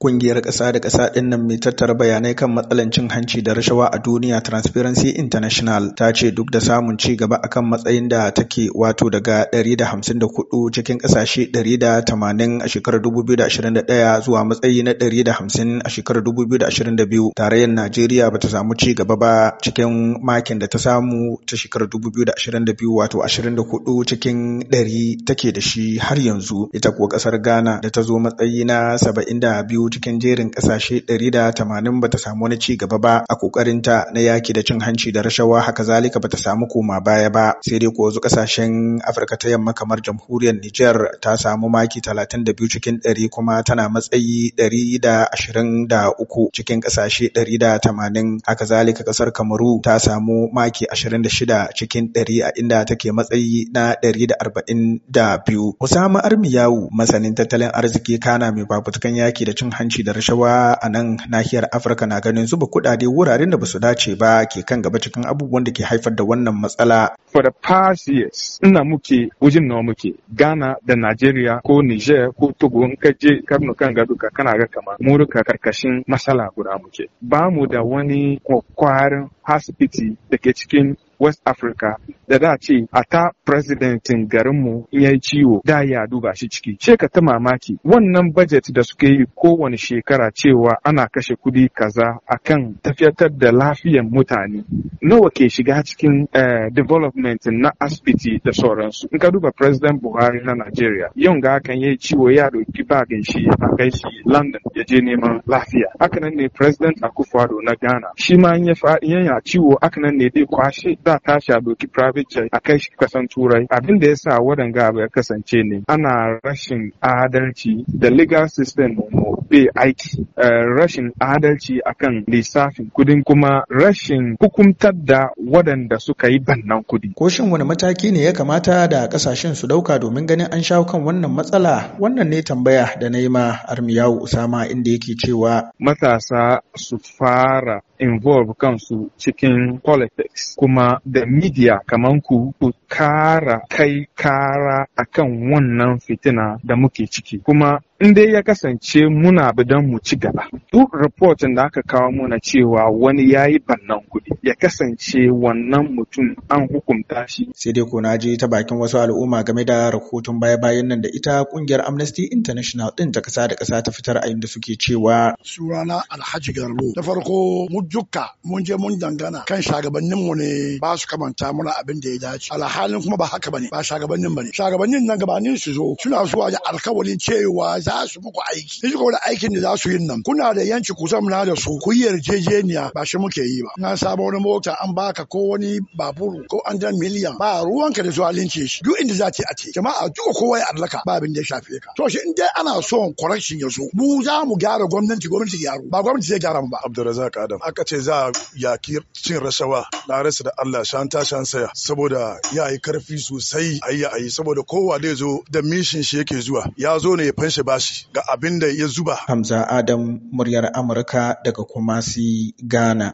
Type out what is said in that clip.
Ƙungiyar ƙasa da ƙasa nan mai tattara bayanai kan matsalar cin hanci da rashawa a duniya Transparency International ta ce duk da samun ci gaba akan matsayin da take wato daga 154 cikin ƙasashe 180 a shekarar 2021 zuwa matsayi na 150 a shekarar 2022 tarayyar Najeriya ba ta samu ci gaba ba cikin makin da ta samu ta shekarar 2022 wato 24 cikin 100 take da shi har yanzu ita kuwa ƙasar Ghana da ta zo matsayi na 72 hudu cikin jerin kasashe 180 bata samu wani ci gaba ba a ta na yaki da cin hanci da rashawa haka zalika bata samu koma baya ba sai dai kuwa zu kasashen Afirka ta yamma kamar jamhuriyar Nijar ta samu maki 32 cikin 100 kuma tana matsayi 123 cikin kasashe 180 haka zalika kasar Kamaru ta samu maki 26 cikin 100 a inda take matsayi na 142 Usama Armiyawu masanin tattalin arziki kana mai babutukan yaki da cin hanci da rashawa a nan nahiyar Afirka na ganin zuba kuɗaɗe wuraren da basu dace ba ke kan gaba cikin abubuwan da ke haifar da wannan matsala. For the past years, ina muke wajen nawa muke Ghana da Nigeria ko Niger ko Togo in ka je karnu kan gado ka kana ga kama mu karkashin masala guda muke. Ba mu da wani kwakwarin hasibiti da ke cikin West Africa da da ce a ta presidentin garinmu in yayi ciwo da ya duba shi ciki ce ta mamaki wannan budget da suka yi kowane shekara cewa ana kashe kudi kaza akan tafiyatar da lafiyan mutane nawa ke shiga cikin eh, development na asibiti da sauransu in ka duba president buhari na Najeriya. yau ga hakan yi ciwo ya ɗauki bagin shi a kai shi london ya je neman lafiya hakanan ne president akufo na ghana shi ma in ya ciwo hakanan ne dai kwashe a tashi a doki private a kai shi kasan turai abin da ya sa wadan abu ya kasance ne ana rashin adalci da legal system bai aiki eh, rashin adalci akan lissafin kudin kuma rashin hukumtar da waɗanda suka yi bannan kudi. Ko shin wani mataki ne ya kamata da kasashen su dauka domin ganin an shawo kan wannan matsala wannan ne tambaya da na yi ma armiyawu usama inda yake cewa matasa su fara involve kansu cikin politics kuma da media kamar kaman ku ku kara kai kara akan wannan fitina da muke ciki kuma in dai ya kasance muna bidan mu ci gaba duk reportin da aka kawo muna cewa wani ya yi bannan kuɗi ya kasance wannan mutum an hukunta shi sai dai ko na je ta bakin wasu al'umma game da rahoton baya-bayan nan da ita kungiyar amnesty international din ta kasa da kasa ta fitar a inda suke cewa sunana alhaji garbo da farko mu dukka mun je mun dangana kan shagabannin mu ne ba su kamanta muna abin da ya dace alhalin kuma ba haka bane ba shagabannin bane shagabannin nan gabanin su zo suna zuwa da alkawalin cewa za su muku aiki ni kuma da aikin da za su yin nan kuna da yanci ku na da su ku yarjejeniya ba shi muke yi ba na saba wani mota an baka ko wani baburu ko an dan miliyan ba ruwanka da zalunci shi duk inda za ce a ce jama'a duka kowa ya allaka ba abin da ya shafe ka to shi in dai ana so correction ya zo mu za mu gyara gwamnati gwamnati gyaro ba gwamnati zai gyara mu ba Abdulrazak Adam aka ce za yaki cin rashawa na rasa da Allah shanta shan saya saboda ya yi karfi sosai ayi ayi saboda kowa da zo da mishin shi yake zuwa ya zo ne ya fanshe ba bashi ga abin da ya zuba. Hamza Adam muryar Amurka daga Kumasi, Ghana.